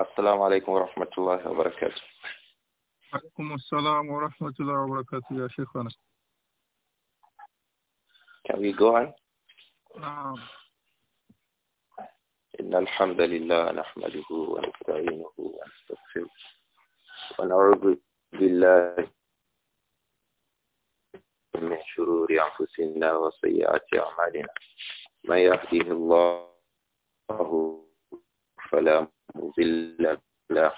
السلام عليكم ورحمة الله وبركاته عليكم السلام ورحمة الله وبركاته يا شيخنا Can we go on? نعم إن الحمد لله نحمده ونستعينه ونستغفره ونعوذ بالله من شرور أنفسنا وسيئات أعمالنا من يهده الله فلا مضل له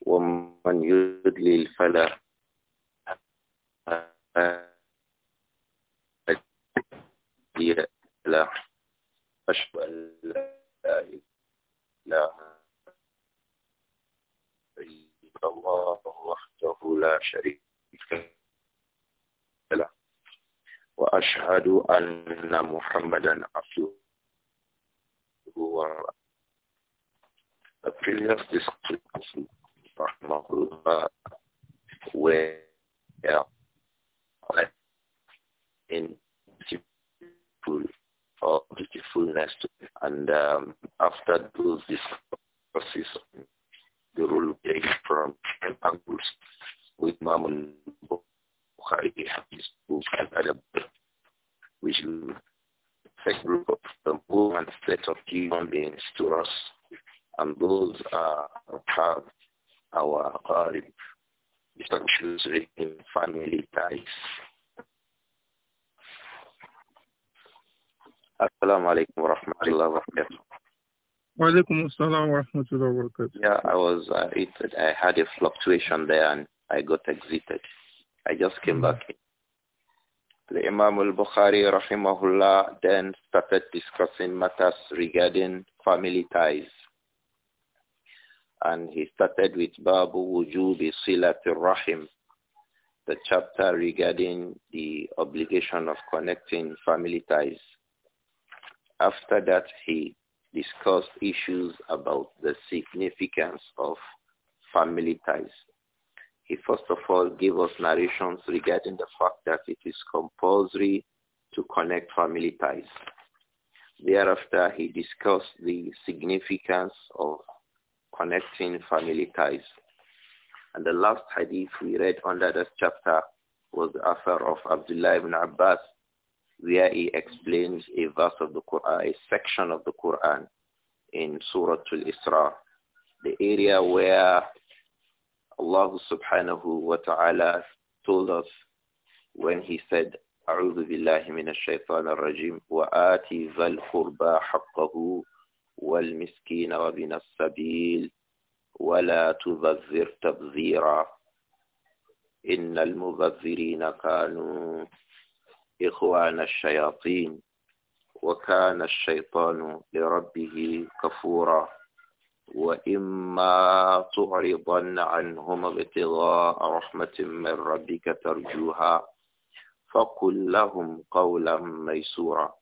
ومن يضلل فلا هادي لا أشهد أن لا إله إلا الله وحده لا شريك له وأشهد أن محمدا عبده The previous discussion where in beautiful or beautifulness and um, after those discussions the rule came from angles with Mamun Bukhari have this book al-Adab, which is a group of and set of human beings to us. And those are have our qarib, issues in family ties. Assalamu alaikum wa rahmatullahi wa barakatuh. assalam wa rahmatullahi wa barakatuh. Yeah, I was, uh, it, I had a fluctuation there and I got exited. I just came mm-hmm. back. The Imam al-Bukhari rahimahullah then started discussing matters regarding family ties. And he started with Babu Wujubi Silatul Rahim, the chapter regarding the obligation of connecting family ties. After that, he discussed issues about the significance of family ties. He first of all gave us narrations regarding the fact that it is compulsory to connect family ties. Thereafter, he discussed the significance of connecting family ties. And the last hadith we read under this chapter was the affair of Abdullah ibn Abbas, where he explains a verse of the Quran, a section of the Quran in Surah Al-Isra, the area where Allah subhanahu wa ta'ala told us when he said, أعوذ بالله من الشيطان الرجيم وآتي ذا القربى حقه والمسكين وابن السبيل ولا تبذر تبذيرا إن المبذرين كانوا إخوان الشياطين وكان الشيطان لربه كفورا وإما تعرضن عنهم ابتغاء رحمة من ربك ترجوها فقل لهم قولا ميسورا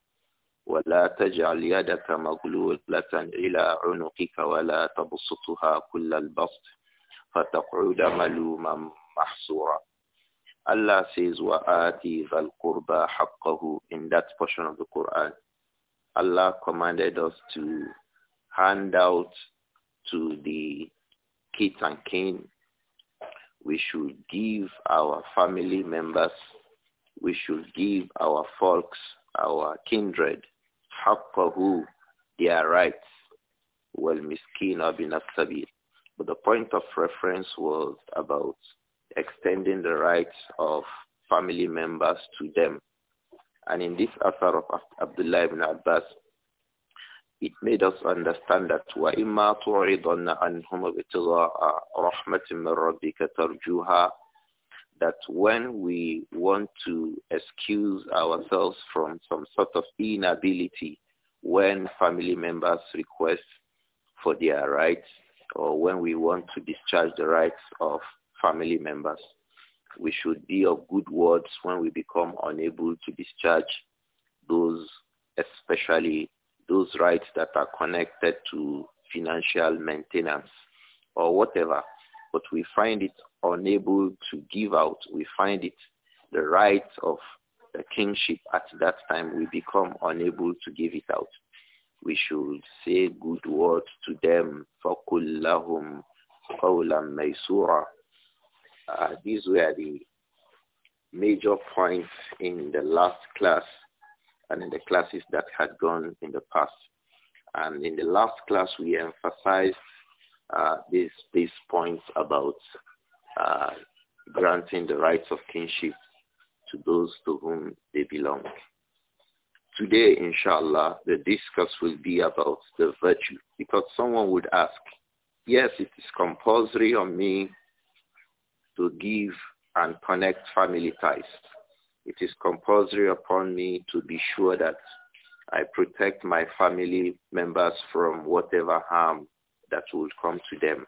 ولا تجعل يدك مغلولة إلى عنقك ولا تبسطها كل البسط فتقعد ملوما محصورا Allah says, وَآتِ ذَا الْقُرْبَى حَقَّهُ In that portion of the Quran, Allah commanded us to hand out to the kids and kin. We should give our family members. We should give our folks, our kindred, haqqahu, their rights. Well, miskin bin But the point of reference was about extending the rights of family members to them. And in this affair of Abdullah ibn Abbas, it made us understand that وَإِمَّا تُعِضَنَّ عَنْهُمْ ابْتِغَاءَ رَحْمَةٍ مِّن رَبِّكَ تَرْجُوهَا that when we want to excuse ourselves from some sort of inability when family members request for their rights or when we want to discharge the rights of family members, we should be of good words when we become unable to discharge those especially those rights that are connected to financial maintenance or whatever. But we find it unable to give out. We find it the right of the kingship at that time. We become unable to give it out. We should say good words to them. فَقُلْ لَهُمْ قَوْلًا These were the major points in the last class and in the classes that had gone in the past. And in the last class, we emphasized uh, these, these points about uh, granting the rights of kinship to those to whom they belong. Today, inshallah, the discuss will be about the virtue because someone would ask, yes, it is compulsory on me to give and connect family ties it is compulsory upon me to be sure that I protect my family members from whatever harm that would come to them.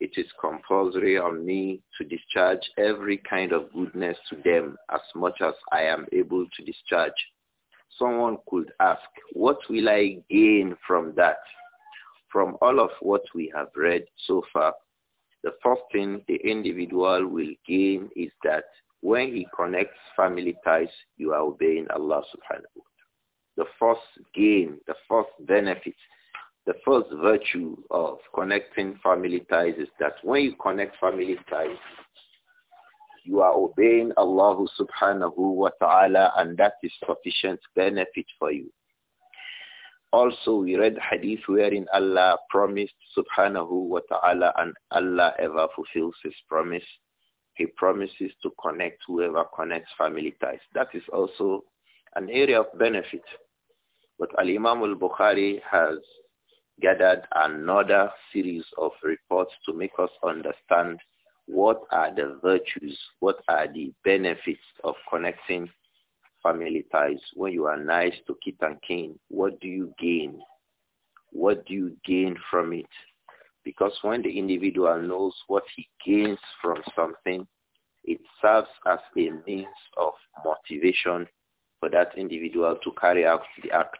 It is compulsory on me to discharge every kind of goodness to them as much as I am able to discharge. Someone could ask, what will I gain from that? From all of what we have read so far, the first thing the individual will gain is that when he connects family ties, you are obeying Allah subhanahu The first gain, the first benefit, the first virtue of connecting family ties is that when you connect family ties, you are obeying Allah subhanahu wa ta'ala and that is sufficient benefit for you. Also, we read hadith wherein Allah promised subhanahu wa ta'ala and Allah ever fulfills his promise he promises to connect whoever connects family ties. That is also an area of benefit. But Al-Imam al-Bukhari has gathered another series of reports to make us understand what are the virtues, what are the benefits of connecting family ties. When you are nice to kith and kin, what do you gain? What do you gain from it? Because when the individual knows what he gains from something, it serves as a means of motivation for that individual to carry out the act.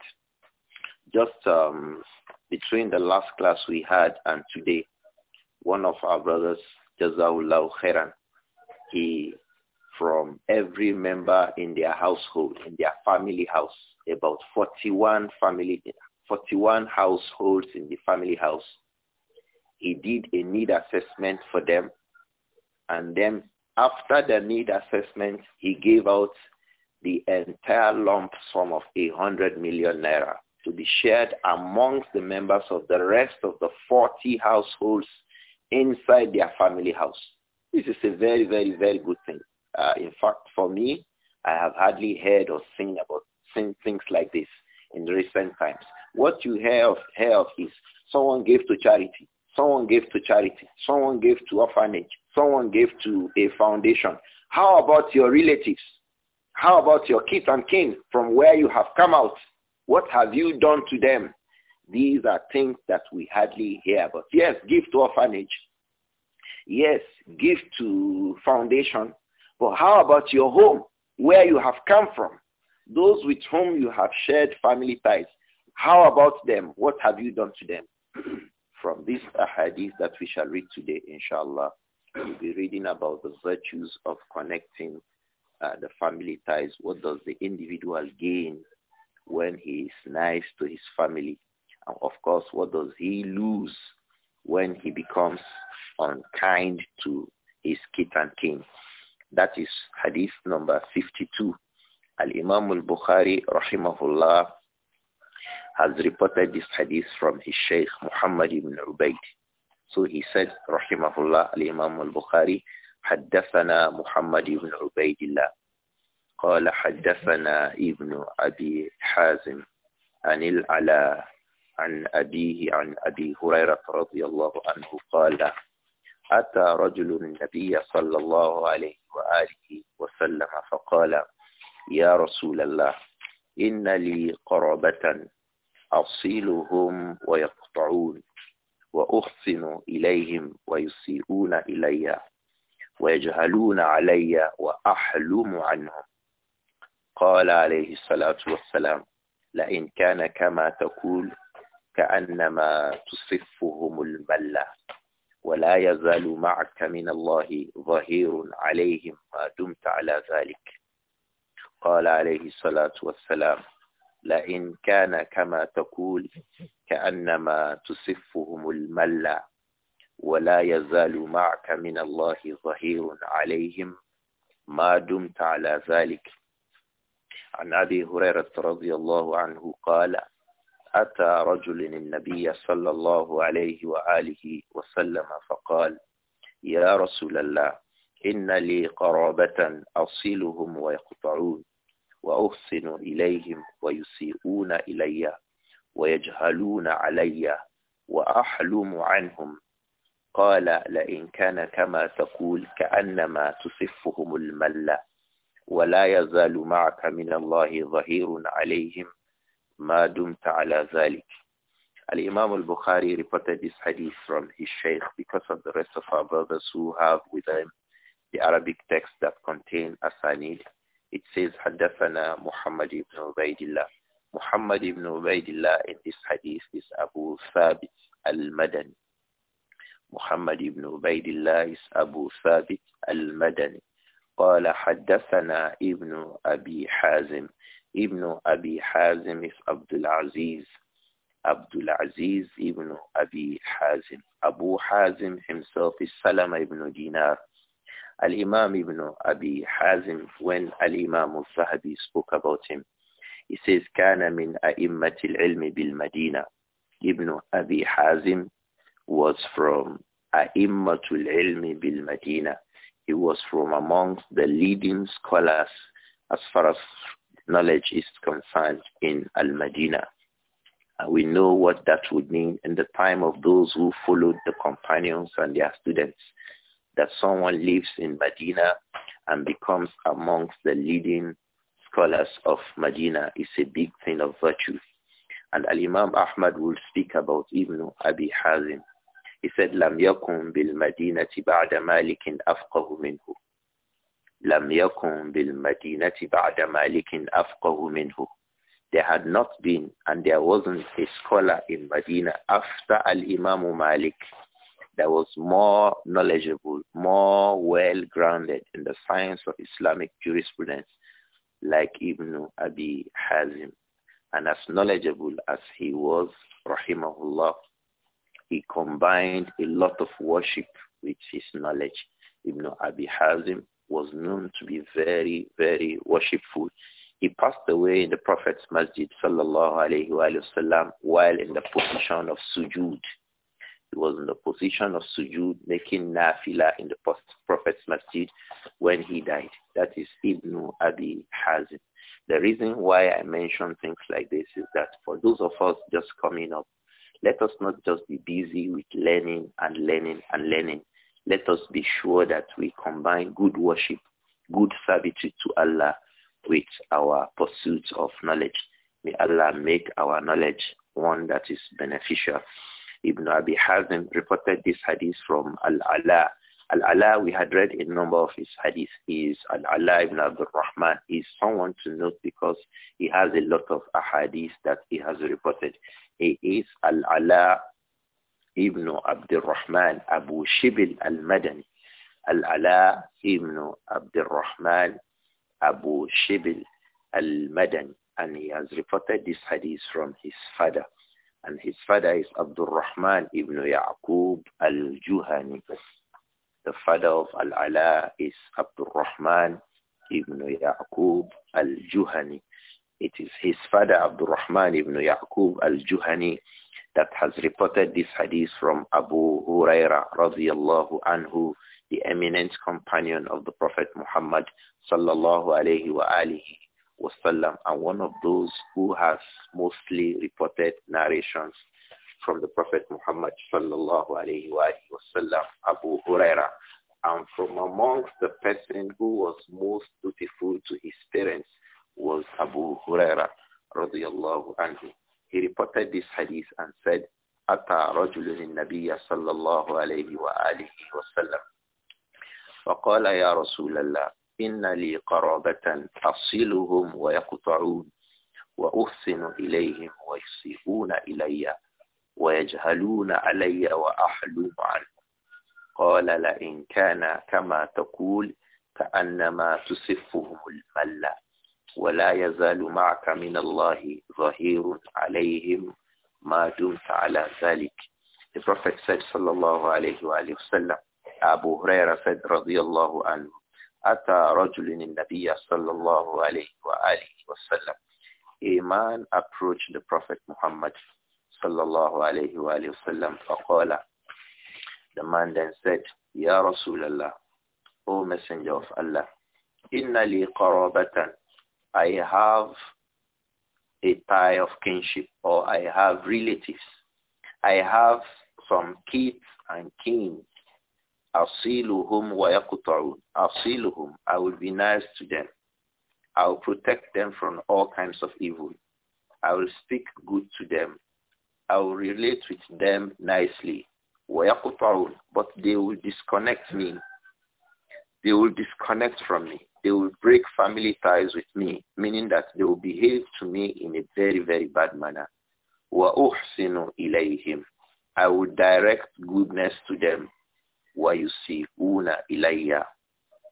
Just um, between the last class we had and today, one of our brothers, Jazawullah Khairan, he from every member in their household, in their family house, about 41 family, 41 households in the family house he did a need assessment for them. And then after the need assessment, he gave out the entire lump sum of 800 million naira to be shared amongst the members of the rest of the 40 households inside their family house. This is a very, very, very good thing. Uh, in fact, for me, I have hardly heard or seen about seen things like this in recent times. What you hear of, hear of is someone gave to charity. Someone gave to charity. Someone gave to orphanage. Someone gave to a foundation. How about your relatives? How about your kids and kin from where you have come out? What have you done to them? These are things that we hardly hear about. Yes, give to orphanage. Yes, give to foundation. But how about your home, where you have come from? Those with whom you have shared family ties. How about them? What have you done to them? From this hadith that we shall read today, inshallah, we'll be reading about the virtues of connecting uh, the family ties. What does the individual gain when he is nice to his family? And of course, what does he lose when he becomes unkind to his kit and kin? That is hadith number 52. Al-Imam al-Bukhari, rahimahullah, has reported this hadith from his Shaykh Muhammad ibn Ubaid. So he said, Rahimahullah al-Imam al-Bukhari, حدثنا محمد بن عبيد الله قال حدثنا ابن أبي حازم عن العلاء عن أبيه عن أبي هريرة رضي الله عنه قال أتى رجل النبي صلى الله عليه وآله وسلم فقال يا رسول الله إن لي قربة أصلهم ويقطعون وأحسن إليهم ويسيئون إلي ويجهلون علي وأحلم عنهم قال عليه الصلاة والسلام لئن كان كما تقول كأنما تصفهم الملة ولا يزال معك من الله ظهير عليهم ما دمت على ذلك قال عليه الصلاة والسلام لئن كان كما تقول كأنما تصفهم الملا ولا يزال معك من الله ظهير عليهم ما دمت على ذلك عن أبي هريرة رضي الله عنه قال أتى رجل النبي صلى الله عليه وآله وسلم فقال يا رسول الله إن لي قرابة أصلهم ويقطعون وأحسن إليهم ويسيئون إلي ويجهلون علي وأحلم عنهم قال لئن كان كما تقول كأنما تصفهم الملة ولا يزال معك من الله ظهير عليهم ما دمت على ذلك Al-Imam al-Bukhari reported this hadith from his sheikh because of the rest of our brothers who have with them the Arabic text that contain asanid it says "Hadafana Muhammad ibn Ubaidillah. Muhammad ibn Ubaidillah in this hadith is Abu Thabit al-Madani. Muhammad ibn Ubaidillah is Abu Thabit al-Madani. قال حدثنا ابن أبي حازم ابن أبي حازم is عبد العزيز عبد العزيز ابن أبي حازم أبو حازم himself is Salama ibn Dinar Al-Imam ibn Abi Hazim, when Al-Imam al sahabi spoke about him, he says, كان من أئمة العلم بالمدينة. Ibn Abi Hazim was from أئمة العلم bil He was from amongst the leading scholars as far as knowledge is concerned in Al-Madinah. And we know what that would mean in the time of those who followed the companions and their students that someone lives in Medina and becomes amongst the leading scholars of Medina is a big thing of virtue. And Al-Imam Ahmad will speak about Ibn Abi Hazim. He said, لم يكن بالمدينة بعد مالك أفقه منه. لم يكن بالمدينة بعد مالك أفقه منه. There had not been and there wasn't a scholar in Medina after Al-Imam Malik that was more knowledgeable, more well-grounded in the science of Islamic jurisprudence, like Ibn Abi Hazim. And as knowledgeable as he was, rahimahullah, he combined a lot of worship with his knowledge. Ibn Abi Hazim was known to be very, very worshipful. He passed away in the Prophet's Masjid, sallallahu alayhi wa while in the position of sujud he was in the position of sujud, making nafila in the Prophet's masjid when he died. That is Ibn Abi Hazim. The reason why I mention things like this is that for those of us just coming up, let us not just be busy with learning and learning and learning. Let us be sure that we combine good worship, good servitude to Allah with our pursuit of knowledge. May Allah make our knowledge one that is beneficial Ibn Abi Hazm reported this hadith from Al-Ala. Al-Ala, we had read a number of his hadiths, is Al-Ala ibn Abdul Rahman. is someone to note because he has a lot of ahadith that he has reported. He is Al-Ala ibn Abdul Rahman Abu Shibil al-Madani. Al-Ala ibn Abdul Rahman Abu Shibil al-Madani. And he has reported this hadith from his father and his father is Abdul Rahman ibn Yaqub al-Juhani. The father of Al-Ala is Abdul Rahman ibn Yaqub al-Juhani. It is his father Abdul Rahman ibn Yaqub al-Juhani that has reported this hadith from Abu Huraira radiyallahu anhu, the eminent companion of the Prophet Muhammad sallallahu alayhi wa alihi wasallam and one of those who has mostly reported narrations from the Prophet Muhammad sallallahu alayhi wa sallam, Abu Huraira. And from amongst the person who was most dutiful to his parents was Abu Huraira radiallahu anhu. He reported this hadith and said, أتى رجل النبي صلى الله عليه وآله وسلم فقال يا رسول الله إن لي قرابة أصلهم ويقطعون وأحسن إليهم ويسيئون إلي ويجهلون علي وأحلم عنهم قال لئن كان كما تقول كأنما تصفهم الملة ولا يزال معك من الله ظهير عليهم ما دمت على ذلك The Prophet said, الله عليه وآله وسلم Abu Huraira said, الله عنه أتى رجل النبي صلى الله عليه وآله وسلم A man approached the Prophet Muhammad صلى الله عليه وآله وسلم فقال The man then said يا رسول الله O Messenger of Allah إن لي قرابة I have a tie of kinship or I have relatives. I have some kids and kings Asiluhum wa yakuta'un. Asiluhum. I will be nice to them. I will protect them from all kinds of evil. I will speak good to them. I will relate with them nicely. Wa yakuta'un. But they will disconnect me. They will disconnect from me. They will break family ties with me, meaning that they will behave to me in a very, very bad manner. Wa uhsinu ilayhim. I will direct goodness to them. Why you see yusiuna ilayya.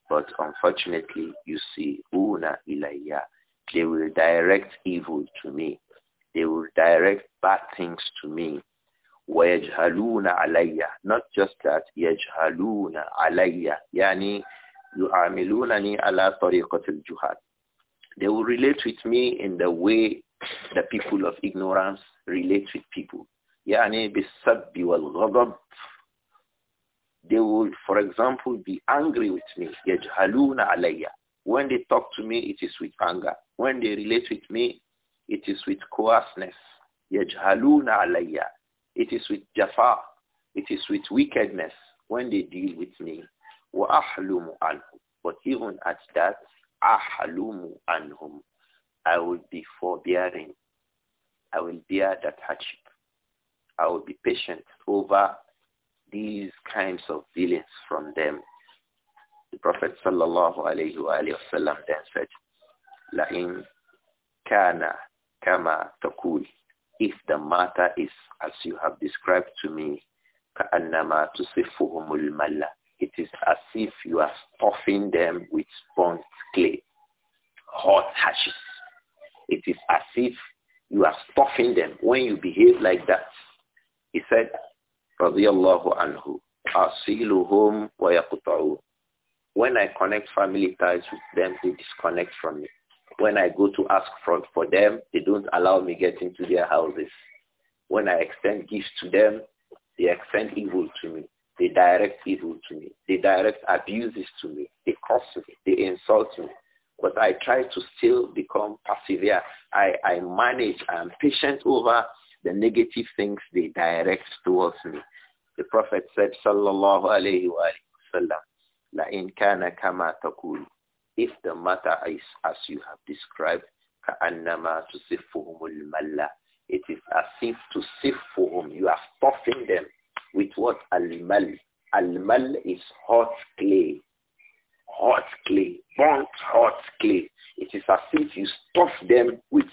But unfortunately, you see, una ilayya. They will direct evil to me. They will direct bad things to me. Wajhaluna alayya. Not just that. Yajhaluna alayya. Yani, yu'amilunani ala tariqat al-juhad. They will relate with me in the way the people of ignorance relate with people. Yani, bisabbi wal-ghadab. They will, for example, be angry with me. يَجْهَلُونَ عَلَيَّ When they talk to me, it is with anger. When they relate with me, it is with coarseness. يَجْهَلُونَ عَلَيَّ It is with jafa. It is with wickedness when they deal with me. وَأَحْلُمُ عَنْهُمْ But even at that, أَحْلُمُ عَنْهُمْ I will be forbearing. I will bear that hardship. I will be patient over these kinds of dealings from them. The Prophet sallallahu alayhi wa sallam then said, لَإِنْ كَانَ كَمَا تَقُولُ If the matter is as you have described to me, كَأَنَّمَا تُصِفُهُمُ الْمَلَّ It is as if you are stuffing them with burnt clay, hot ashes. It is as if you are stuffing them when you behave like that. He said, radiallahu anhu, asiluhum wa yaqta'un. When I connect family ties with them, they disconnect from me. When I go to ask for, for them, they don't allow me get into their houses. When I extend gifts to them, they extend evil to me. They direct evil to me. They direct abuses to me. They curse me. They insult me. But I try to still become persevere. I, I manage. I am patient over the negative things they direct towards me. The Prophet said, Sallallahu Alaihi Wasallam, in kana kama takul. If the matter is as you have described, كَأَنَّمَا تُسِفُّهُمُ الْمَلَّةِ It is as if to sifuhum, you are stuffing them with what? Al-mal. Al-mal is hot clay. Hot clay. Burnt hot clay. It is as if you stuff them with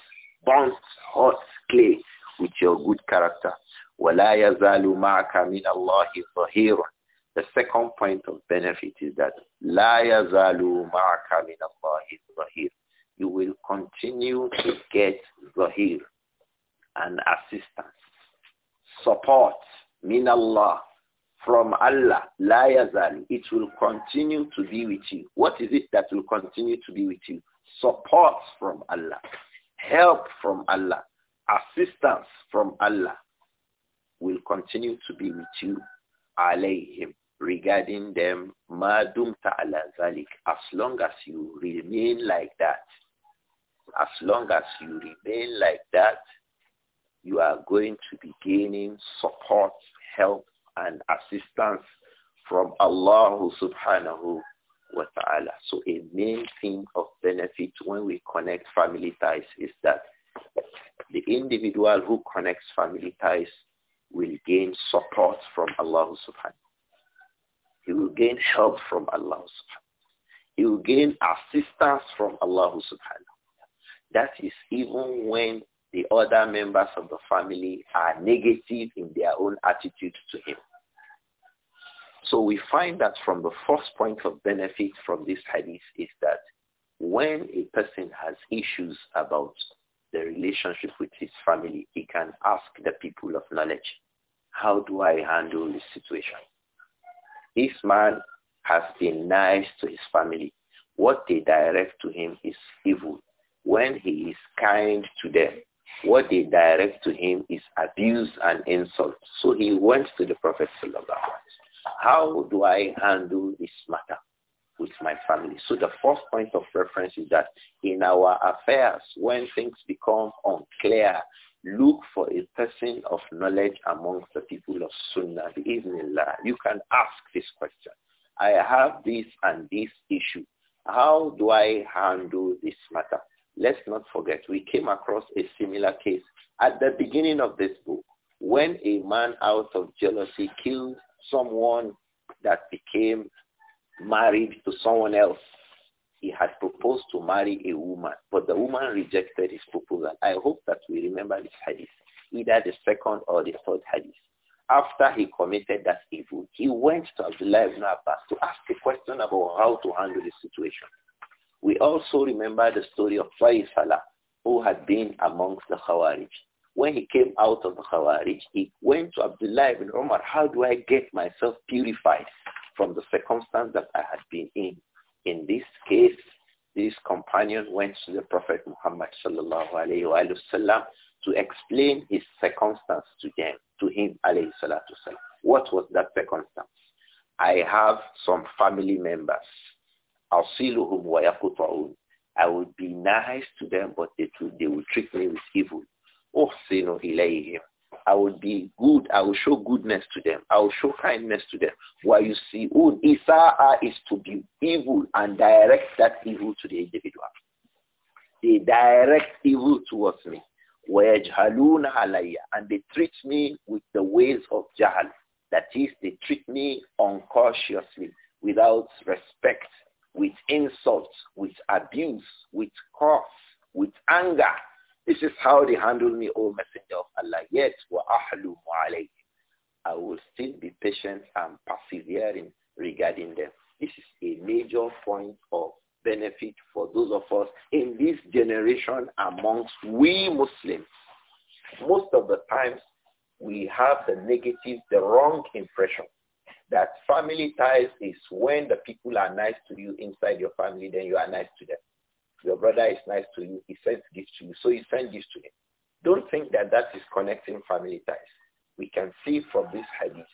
burnt hot clay with your good character. وَلَا مَعَكَ مِنَ اللَّهِ ظَهِيرٌ The second point of benefit is that لَا يَزَالُ مَعَكَ مِنَ اللَّهِ ظَهِيرٌ You will continue to get zahir and assistance, support, min Allah, from Allah, la yazal. It will continue to be with you. What is it that will continue to be with you? Support from Allah, help from Allah, assistance from Allah will continue to be with you alayhim regarding them madum ta'ala zalik as long as you remain like that as long as you remain like that you are going to be gaining support help and assistance from Allah subhanahu wa ta'ala so a main thing of benefit when we connect family ties is that the individual who connects family ties will gain support from Allah subhanahu. He will gain help from Allah subhanahu. He will gain assistance from Allah subhanahu. That is even when the other members of the family are negative in their own attitude to him. So we find that from the first point of benefit from this hadith is that when a person has issues about the relationship with his family, he can ask the people of knowledge, how do I handle this situation? This man has been nice to his family. What they direct to him is evil. When he is kind to them, what they direct to him is abuse and insult. So he went to the Prophet How do I handle this matter? with my family. So the first point of reference is that in our affairs, when things become unclear, look for a person of knowledge amongst the people of Sunnah, the Iznillah. You can ask this question. I have this and this issue. How do I handle this matter? Let's not forget, we came across a similar case at the beginning of this book when a man out of jealousy killed someone that became married to someone else. He had proposed to marry a woman, but the woman rejected his proposal. I hope that we remember this hadith, either the second or the third hadith. After he committed that evil, he went to Abdullah ibn Abbas to ask a question about how to handle the situation. We also remember the story of Faisala, who had been amongst the Khawarij. When he came out of the Khawarij, he went to Abdullah ibn Umar, how do I get myself purified? from the circumstance that I had been in. In this case, this companion went to the Prophet Muhammad sallallahu alayhi wa to explain his circumstance to them, to him What was that circumstance? I have some family members. I will be nice to them, but they, too, they will treat me with evil. I will be good. I will show goodness to them. I will show kindness to them. Where you see, oh, Isa'a is to be evil and direct that evil to the individual. They direct evil towards me. And they treat me with the ways of jahal. That is, they treat me uncautiously, without respect, with insults, with abuse, with curse, with anger. This is how they handled me, O Messenger of Allah. Yet, I will still be patient and persevering regarding them. This is a major point of benefit for those of us in this generation amongst we Muslims. Most of the times, we have the negative, the wrong impression that family ties is when the people are nice to you inside your family, then you are nice to them. Your brother is nice to you. He sends gifts to you. So he sends gifts to him. Don't think that that is connecting family ties. We can see from this hadith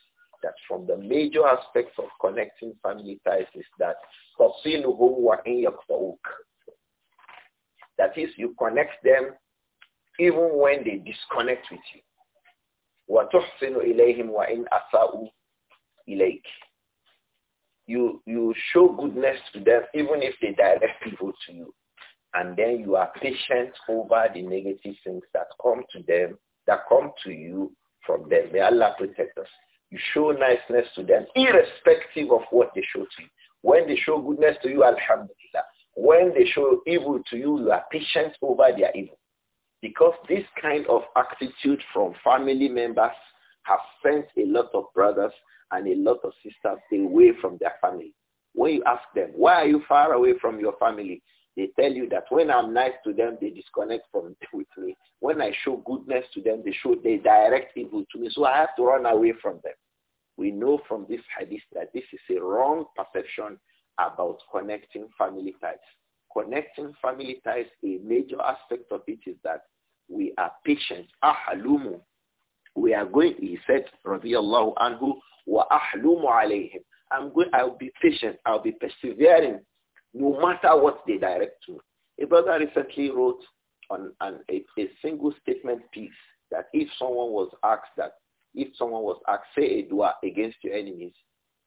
that from the major aspects of connecting family ties is that that is, you connect them even when they disconnect with you. You, you show goodness to them even if they direct people to you and then you are patient over the negative things that come to them, that come to you from them. May Allah protect us. You show niceness to them, irrespective of what they show to you. When they show goodness to you, alhamdulillah. When they show evil to you, you are patient over their evil. Because this kind of attitude from family members have sent a lot of brothers and a lot of sisters away from their family. When you ask them, why are you far away from your family? They tell you that when I'm nice to them, they disconnect from with me. When I show goodness to them, they show they direct evil to me. So I have to run away from them. We know from this hadith that this is a wrong perception about connecting family ties. Connecting family ties, a major aspect of it is that we are patient. Ahalumu. We are going, he said, radiallahu anhu, wa ahlumu alayhim. I'm going, I'll be patient. I'll be persevering no matter what they direct to. A brother recently wrote on an, a, a, single statement piece that if someone was asked that, if someone was asked, say a dua against your enemies,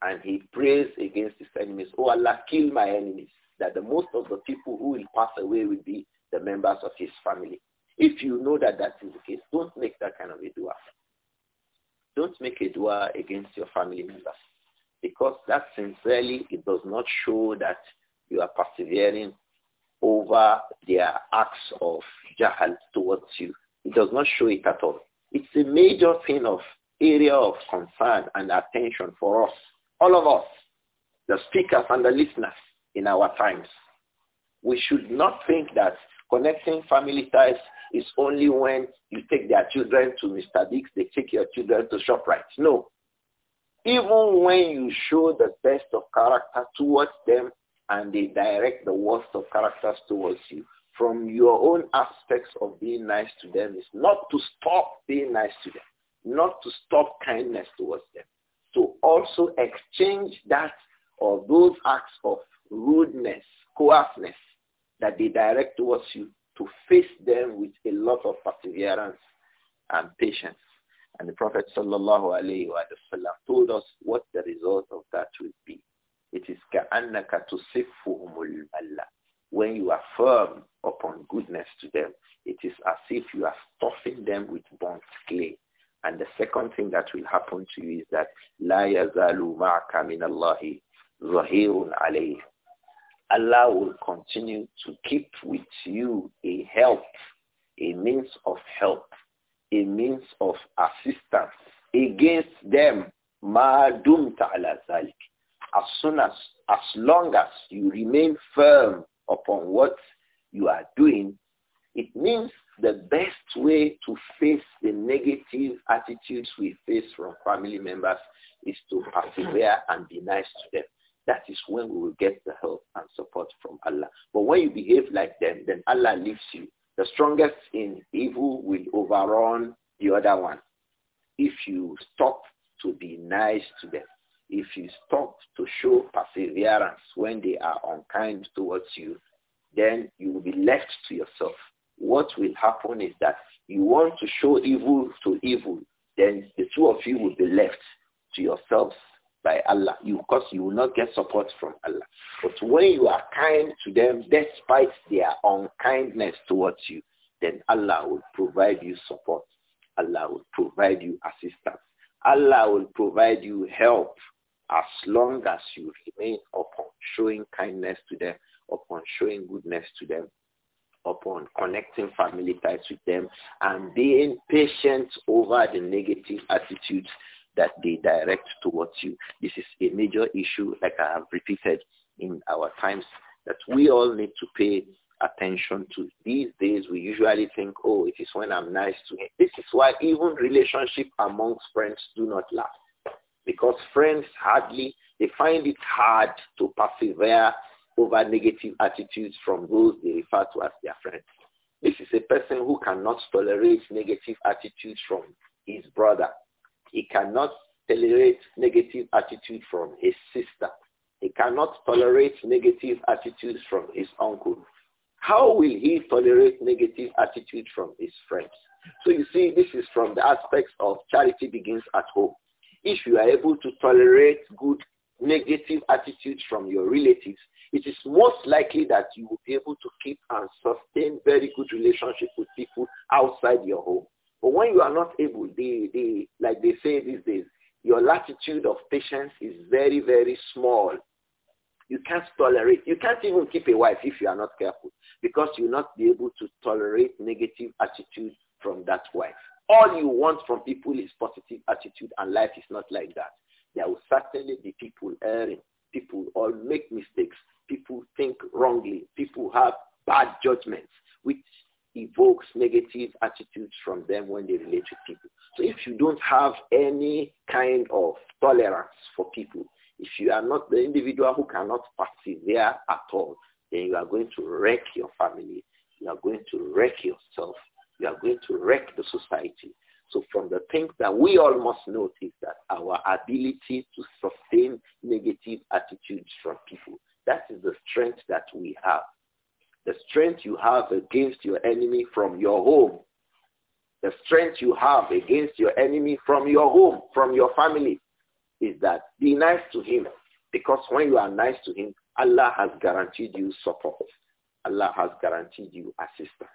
and he prays against his enemies, oh Allah, kill my enemies, that the most of the people who will pass away will be the members of his family. If you know that that is the case, don't make that kind of a dua. Don't make a dua against your family members because that sincerely, it does not show that you are persevering over their acts of jahal towards you. It does not show it at all. It's a major thing of area of concern and attention for us, all of us, the speakers and the listeners in our times. We should not think that connecting family ties is only when you take their children to Mr. Dix, they take your children to ShopRite. No. Even when you show the best of character towards them and they direct the worst of characters towards you from your own aspects of being nice to them is not to stop being nice to them, not to stop kindness towards them, to also exchange that or those acts of rudeness, coarseness that they direct towards you to face them with a lot of perseverance and patience. And the Prophet sallallahu alaihi wasallam told us what the result of that will be. It is كَأَنَّكَ تُصِفُّهُمُ الْمَلَّةِ When you are firm upon goodness to them, it is as if you are stuffing them with burnt clay. And the second thing that will happen to you is that la يزال معك min Allahi ظهير عليه. Allah will continue to keep with you a help, a means of help, a means of assistance against them. ma dumta على as soon as, as long as you remain firm upon what you are doing, it means the best way to face the negative attitudes we face from family members is to persevere and be nice to them. That is when we will get the help and support from Allah. But when you behave like them, then Allah leaves you. The strongest in evil will overrun the other one if you stop to be nice to them. If you stop to show perseverance when they are unkind towards you, then you will be left to yourself. What will happen is that you want to show evil to evil, then the two of you will be left to yourselves by Allah. You, of course, you will not get support from Allah. But when you are kind to them, despite their unkindness towards you, then Allah will provide you support. Allah will provide you assistance. Allah will provide you help as long as you remain upon showing kindness to them, upon showing goodness to them, upon connecting family ties with them, and being patient over the negative attitudes that they direct towards you. This is a major issue, like I have repeated in our times, that we all need to pay attention to. These days, we usually think, oh, it is when I'm nice to him. This is why even relationship amongst friends do not last because friends hardly, they find it hard to persevere over negative attitudes from those they refer to as their friends. This is a person who cannot tolerate negative attitudes from his brother. He cannot tolerate negative attitude from his sister. He cannot tolerate negative attitudes from his uncle. How will he tolerate negative attitude from his friends? So you see, this is from the aspects of charity begins at home. If you are able to tolerate good negative attitudes from your relatives, it is most likely that you will be able to keep and sustain very good relationship with people outside your home. But when you are not able, the the like they say these days, your latitude of patience is very, very small. You can't tolerate. You can't even keep a wife if you are not careful because you'll not be able to tolerate negative attitude from that wife. All you want from people is positive attitude and life is not like that. There will certainly be people erring. People all make mistakes. People think wrongly. People have bad judgments, which evokes negative attitudes from them when they relate with people. So if you don't have any kind of tolerance for people, if you are not the individual who cannot persevere at all, then you are going to wreck your family. You are going to wreck yourself you are going to wreck the society. So from the things that we all must notice that our ability to sustain negative attitudes from people, that is the strength that we have. The strength you have against your enemy from your home. The strength you have against your enemy from your home, from your family, is that be nice to him. Because when you are nice to him, Allah has guaranteed you support. Allah has guaranteed you assistance.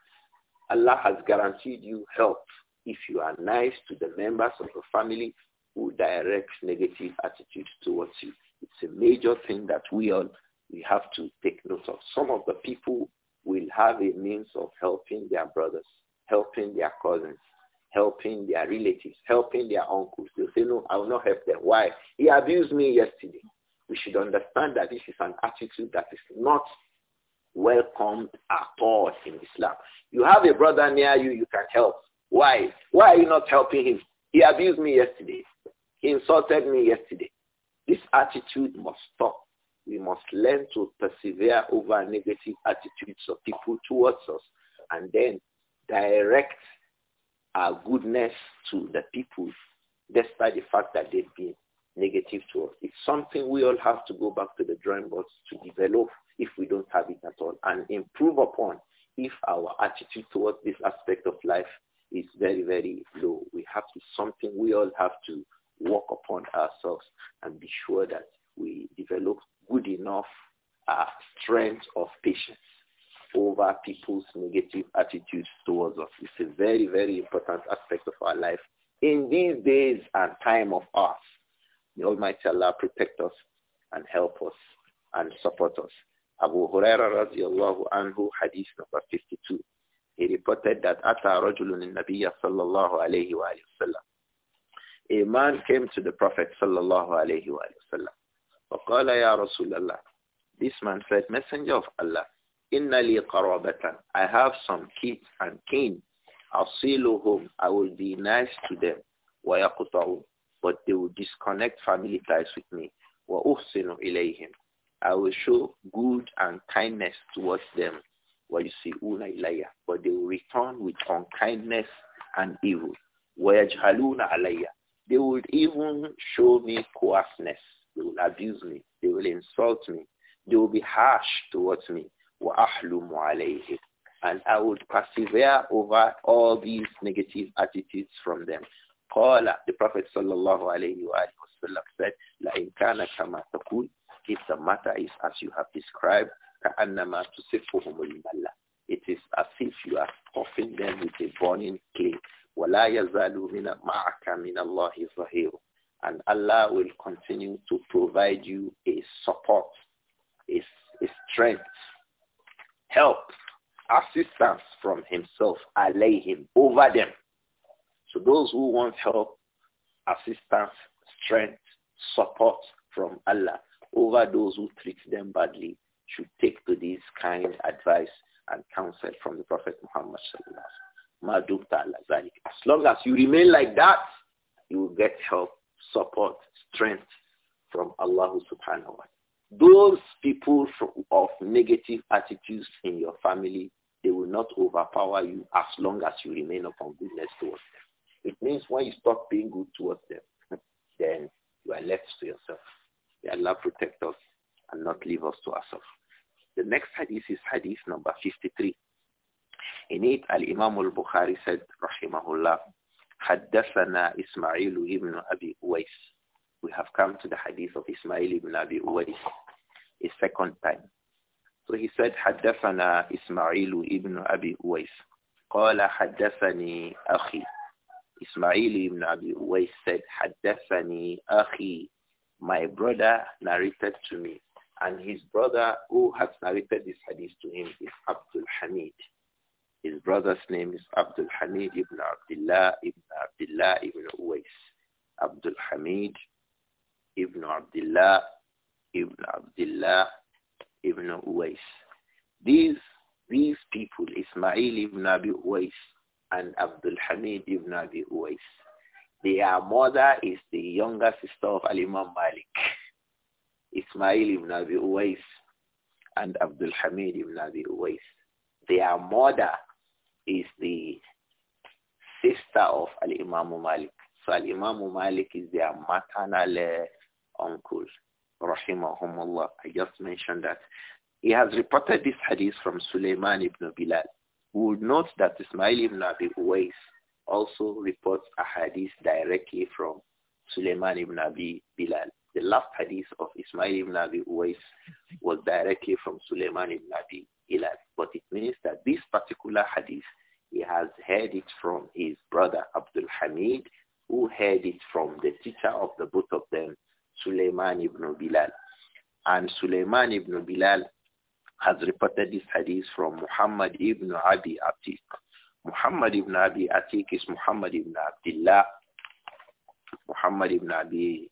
Allah has guaranteed you help if you are nice to the members of your family who direct negative attitude towards you. It's a major thing that we all we have to take note of. Some of the people will have a means of helping their brothers, helping their cousins, helping their relatives, helping their uncles. They'll say, no, I will not help them. Why? He abused me yesterday. We should understand that this is an attitude that is not welcomed at all in Islam. You have a brother near you, you can help. Why? Why are you not helping him? He abused me yesterday. He insulted me yesterday. This attitude must stop. We must learn to persevere over negative attitudes of people towards us and then direct our goodness to the people despite the fact that they've been negative to us. It's something we all have to go back to the drawing board to develop if we don't have it at all and improve upon if our attitude towards this aspect of life is very, very low. We have to something we all have to work upon ourselves and be sure that we develop good enough uh, strength of patience over people's negative attitudes towards us. It's a very, very important aspect of our life in these days and time of ours. May Almighty Allah protect us and help us and support us. Abu Huraira radiallahu anhu, hadith number 52. He reported that Ata Rajulun Nabiya sallallahu alayhi wa sallam. A man came to the Prophet sallallahu alayhi wa sallam. وَقَالَ يا رسول الله This man said, Messenger of Allah, إن لي قرابة I have some kids and kin أصيلهم I will be nice to them ويقطعون But they will disconnect family ties with me وأحسن إليهم I will show good and kindness towards them. What you see, but they will return with unkindness and evil. They will even show me coarseness. They will abuse me. They will insult me. They will be harsh towards me. And I would persevere over all these negative attitudes from them. قال the Prophet sallallahu alayhi wa sallam said لئن كان كما تقول if the matter is as you have described, it is as if you are puffing them with a burning clay. And Allah will continue to provide you a support, a, a strength, help, assistance from himself, Allay Him over them. So those who want help, assistance, strength, support from Allah, over those who treat them badly should take to this kind advice and counsel from the Prophet Muhammad sallallahu alaihi wasallam. As long as you remain like that, you will get help, support, strength from Allah subhanahu wa ta'ala. Those people of negative attitudes in your family, they will not overpower you as long as you remain upon goodness towards them. It means when you stop being good towards them, then you are left to yourself. May Allah protect us and not leave us to ourselves. The next hadith is hadith number 53. In it, Al-Imam al-Bukhari said, Rahimahullah, حدثنا Ismail ibn Abi Uwais. We have come to the hadith of Ismail ibn Abi Uwais a second time. So he said, حدثنا Ismail ibn Abi Uwais. قال حدثني أخي. Ismail ibn Abi Uwais said, حدثني أخي my brother narrated to me. And his brother who has narrated this hadith to him is Abdul Hamid. His brother's name is Abdul Hamid ibn Abdullah ibn Abdullah ibn Uwais. Abdul Hamid ibn Abdullah ibn Abdullah ibn Uwais. These, these people, Ismail ibn Abi Uwais and Abdul Hamid ibn Abi Uwais, their mother is the younger sister of Al-Imam Malik, Ismail ibn Abi Uwais and Abdul Hamid ibn Abi Uwais. Their mother is the sister of Al-Imam Malik. So Al-Imam Malik is their maternal uh, uncle, Allah. I just mentioned that. He has reported this hadith from Sulaiman ibn Bilal. We would note that Ismail ibn Abi Uwais also reports a hadith directly from Suleiman ibn Abi Bilal. The last hadith of Ismail ibn Abi Uwais was directly from Suleiman ibn Abi Bilal. But it means that this particular hadith, he has heard it from his brother Abdul Hamid, who heard it from the teacher of the both of them, Suleiman ibn Bilal. And Suleiman ibn Bilal has reported this hadith from Muhammad ibn Abi Atiq. Muhammad ibn Abi Atik is Muhammad ibn Abdullah. Muhammad ibn Abi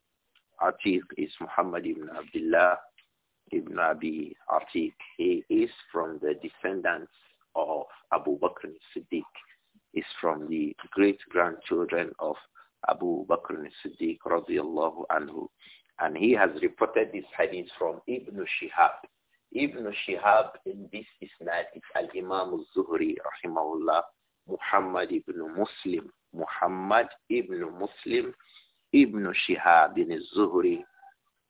Atik is Muhammad ibn Abdullah ibn Abi Atik. He is from the descendants of Abu Bakr Siddiq. Is from the great grandchildren of Abu Bakr Siddiq radiallahu anhu. And he has reported this hadith from Ibn Shihab. Ibn Shihab in this isnad is Al-Imam al-Zuhri rahimahullah Muhammad ibn Muslim, Muhammad ibn Muslim, ibn Shihab ibn Zuhri,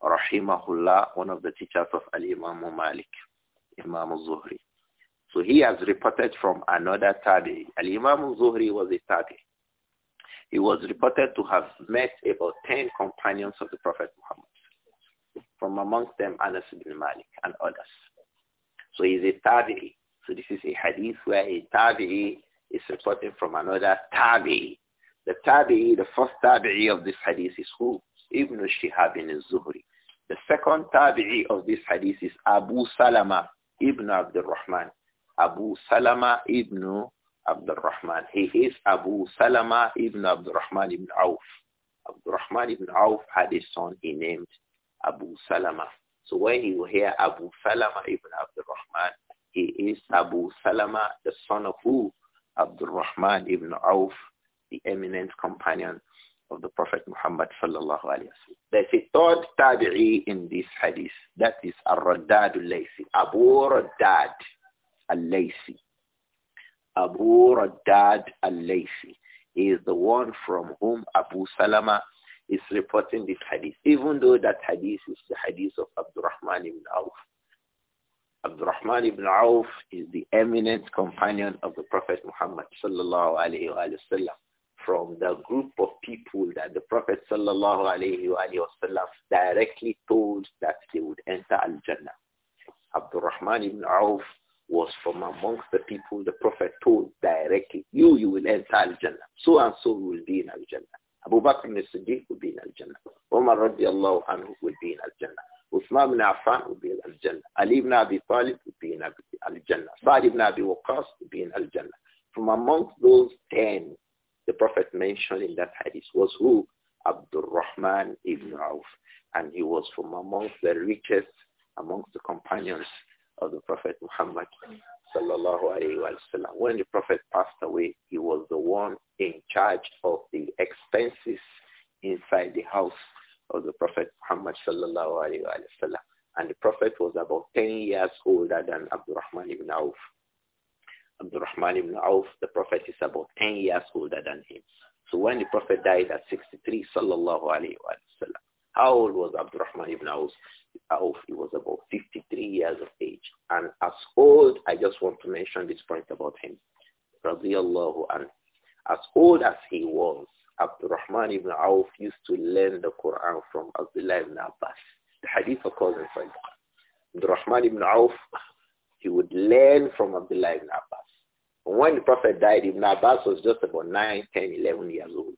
rahimahullah, one of the teachers of Al-Imam Malik, Imam Zuhri. So he has reported from another Tabi. Al-Imam Zuhri was a Tabi. He was reported to have met about 10 companions of the Prophet Muhammad, from amongst them Anas ibn Malik and others. So he's a Tabi. So this is a hadith where a Tabi'i is reporting from another tabi. The tabi, the first tabi of this hadith is who? Ibn Shihab in Zuhri. The second tabi of this hadith is Abu Salama ibn Abdul Rahman. Abu Salama ibn Abdul Rahman. He is Abu Salama ibn Abdul Rahman ibn Auf. Abdul Rahman ibn Auf had a son he named Abu Salama. So when you hear Abu Salama ibn Abdul Rahman, he is Abu Salama, the son of who? Abdul Rahman ibn Auf, the eminent companion of the Prophet Muhammad sallallahu alayhi wa There's a third tabi'i in this hadith. That is Ar-Raddad al-Laysi. Abu Raddad al-Laysi. Abu Raddad al-Laysi is the one from whom Abu Salama is reporting this hadith, even though that hadith is the hadith of Rahman ibn Auf. Abdurrahman ibn Auf is the eminent companion of the Prophet Muhammad sallallahu alayhi wa sallam from the group of people that the Prophet sallallahu alayhi wa sallam directly told that they would enter Al-Jannah. Abdurrahman ibn Auf was from amongst the people the Prophet told directly, you, you will enter Al-Jannah. So and so will be in Al-Jannah. Abu Bakr ibn Siddiq will be in Al-Jannah. Umar radiallahu anhu will be in Al-Jannah. Uthman ibn Affan would be in Al-Jannah. Ali ibn Abi Talib would be in Al-Jannah. Sa'd ibn Abi Waqqas would be in Al-Jannah. From amongst those ten, the Prophet mentioned in that hadith was who? Abdul Rahman ibn Auf. And he was from amongst the richest amongst the companions of the Prophet Muhammad sallallahu alayhi wa sallam. When the Prophet passed away, he was the one in charge of the expenses inside the house of the Prophet Muhammad sallallahu alayhi wa And the Prophet was about 10 years older than Abdurrahman ibn Auf. Abdurrahman ibn Auf, the Prophet is about 10 years older than him. So when the Prophet died at 63, sallallahu alayhi wa sallam, how old was Abdurrahman ibn Auf? Auf? He was about 53 years of age. And as old, I just want to mention this point about him, As old as he was, Abdurrahman ibn Auf used to learn the Quran from Abdullah ibn Abbas. The hadith occurs in Sahih Abdurrahman ibn Auf, he would learn from Abdullah ibn Abbas. And when the Prophet died, Ibn Abbas was just about 9, 10, 11 years old.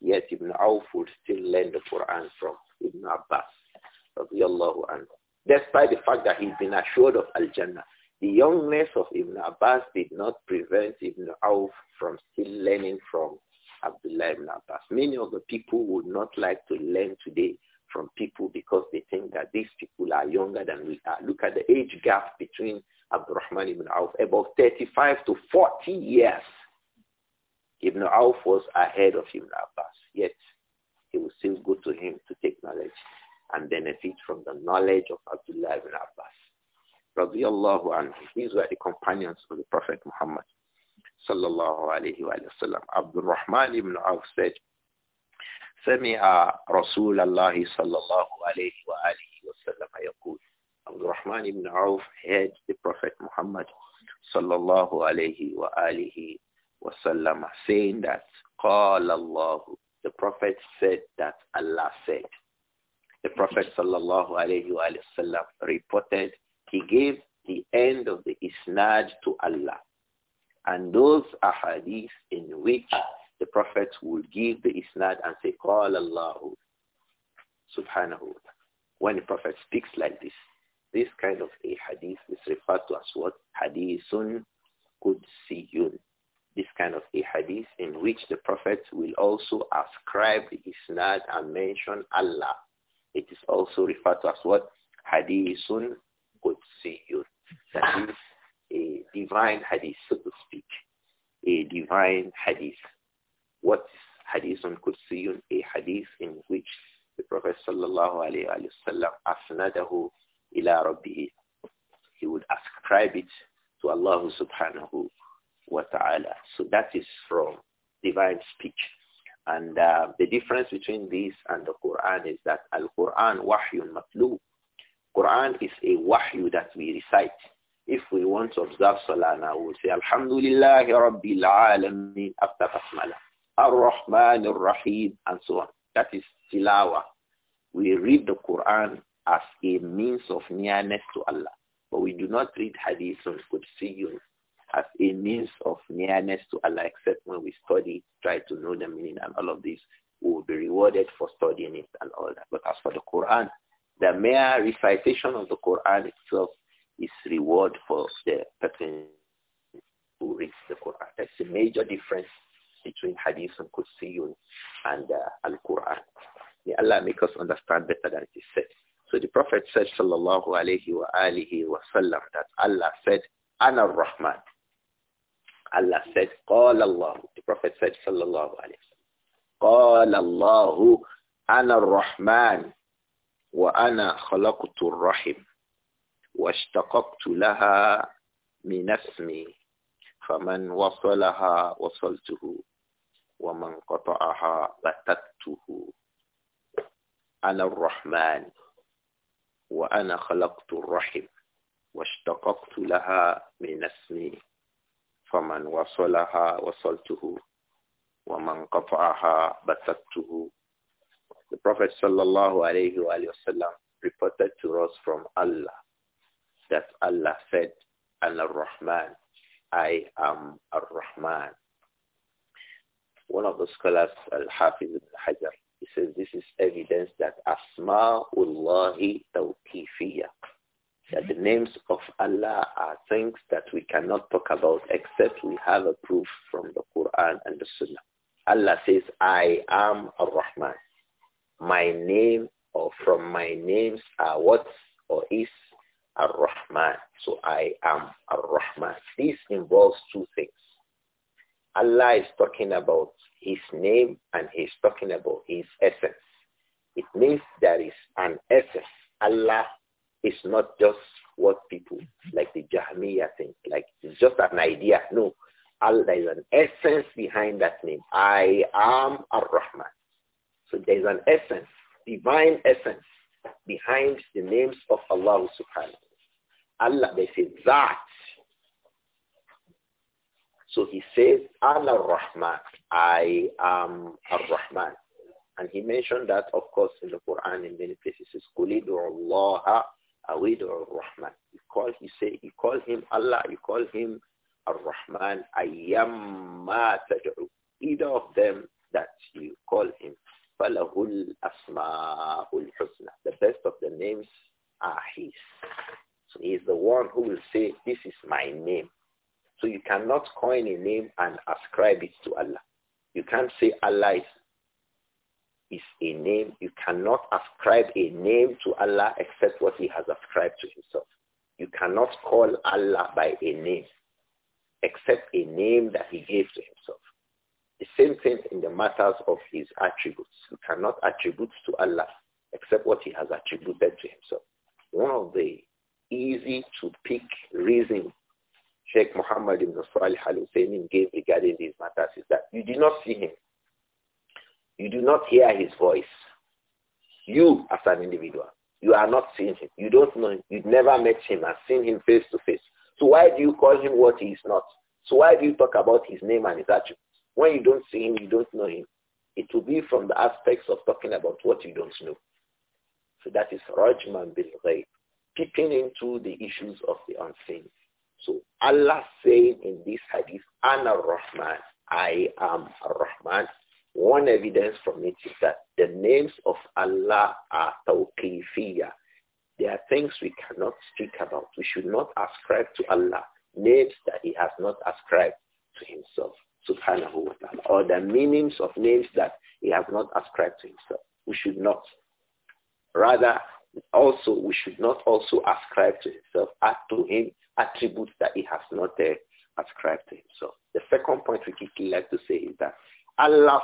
Yet Ibn Auf would still learn the Quran from Ibn Abbas. Despite the fact that he'd been assured of Al-Jannah, the youngness of Ibn Abbas did not prevent Ibn Auf from still learning from Abdullah ibn Abbas. Many of the people would not like to learn today from people because they think that these people are younger than we are. Look at the age gap between Abdurrahman ibn Auf, about 35 to 40 years. Ibn Auf was ahead of Ibn Abbas, yet he was still good to him to take knowledge and benefit from the knowledge of Abdullah ibn Abbas. These were the companions of the Prophet Muhammad sallallahu alayhi wa sallam. Abdul Rahman ibn Auf said, "Sami'a, رسول الله صلى الله عليه وآله وسلم يقول "Abdul Rahman ibn Auf heard the Prophet Muhammad صلى الله عليه وآله وسلم saying that قال الله the Prophet said that Allah said the Prophet sallallahu alayhi wa sallam reported he gave the end of the isnad to Allah and those ahadith in which the Prophet would give the isnad and say, Qala Allahu subhanahu wa When the Prophet speaks like this, this kind of a hadith is referred to as what? Hadithun Qudsiyun. This kind of a hadith in which the Prophet will also ascribe the isnad and mention Allah. It is also referred to as what? Hadithun Qudsiyun. That is a divine hadith, so to speak, a divine hadith. What hadith on Qudsiyun? A hadith in which the Prophet sallallahu alayhi wa sallam asnadahu ila rabbihi. He would ascribe it to Allah subhanahu wa ta'ala. So that is from divine speech. And uh, the difference between this and the Quran is that Al-Quran wahyun matlu. Quran is a wahyu that we recite. If we want to observe Salah now, we'll say Alhamdulillah Rabbil Alameen after Basmala. Ar-Rahman Ar-Rahim and so on. That is Tilawa. We read the Quran as a means of nearness to Allah. But we do not read Hadith on Qudsiyun as a means of nearness to Allah except when we study, try to know the meaning and all of this. We will be rewarded for studying it and all that. But as for the Quran, the mere recitation of the Quran itself is reward for the person who reads the Quran. That's the major difference between Hadith and Qudsiyun and uh, Al-Quran. May Allah make us understand better than it is said. So the Prophet said, sallallahu alaihi wa alihi wa that Allah said, Ana rahman Allah said, Qala Allah. The Prophet said, sallallahu alaihi, wa sallam, Qala Allahu, Ana rahman wa ana khalaqtu rahim واشتققت لها من اسمي فمن وصلها وصلته ومن قطعها بتته أنا الرحمن وأنا خلقت الرحم واشتققت لها من اسمي فمن وصلها وصلته ومن قطعها بتته The Prophet sallallahu alayhi wa reported to us from Allah that Allah said, and rahman I am Ar-Rahman. One of the scholars, Al-Hafiz al-Hajar, he says this is evidence that Asma'ullahi Tawqifiyya, that the names of Allah are things that we cannot talk about except we have a proof from the Quran and the Sunnah. Allah says, I am Ar-Rahman. My name or from my names are what or is Ar-Rahman. So I am Ar-Rahman. This involves two things. Allah is talking about his name and he's talking about his essence. It means there is an essence. Allah is not just what people like the Jahmiya think, like it's just an idea. No, Allah, there is an essence behind that name. I am Ar-Rahman. So there is an essence, divine essence behind the names of Allah subhanahu Allah, they say that. So he says, Allah Rahman, I am Ar-Rahman. And he mentioned that, of course, in the Quran in many places. He says, Allah, Awidu rahman You call, you say, you call him Allah, you call him Ar-Rahman, Ayyamma Taj'u. Either of them that you call him the best of the names are his. So he is the one who will say, this is my name. So you cannot coin a name and ascribe it to Allah. You can't say Allah is, is a name. You cannot ascribe a name to Allah except what he has ascribed to himself. You cannot call Allah by a name except a name that he gave to himself. The same thing in the matters of his attributes. You cannot attribute to Allah except what he has attributed to himself. One of the easy to pick reasons Sheikh Muhammad ibn Salih al gave regarding these matters is that you do not see him. You do not hear his voice. You, as an individual, you are not seeing him. You don't know him. You've never met him and seen him face to face. So why do you call him what he is not? So why do you talk about his name and his attributes? When you don't see him, you don't know him. It will be from the aspects of talking about what you don't know. So that is Rajman bil Ghaib, peeping into the issues of the unseen. So Allah saying in this hadith, Ana Rahman, I am Rahman. One evidence from it is that the names of Allah are tawqifiyah. There are things we cannot speak about. We should not ascribe to Allah names that he has not ascribed to himself subhanahu wa ta'ala, or the meanings of names that he has not ascribed to himself. We should not. Rather, also, we should not also ascribe to himself, add to him attributes that he has not uh, ascribed to himself. The second point we quickly like to say is that Allah's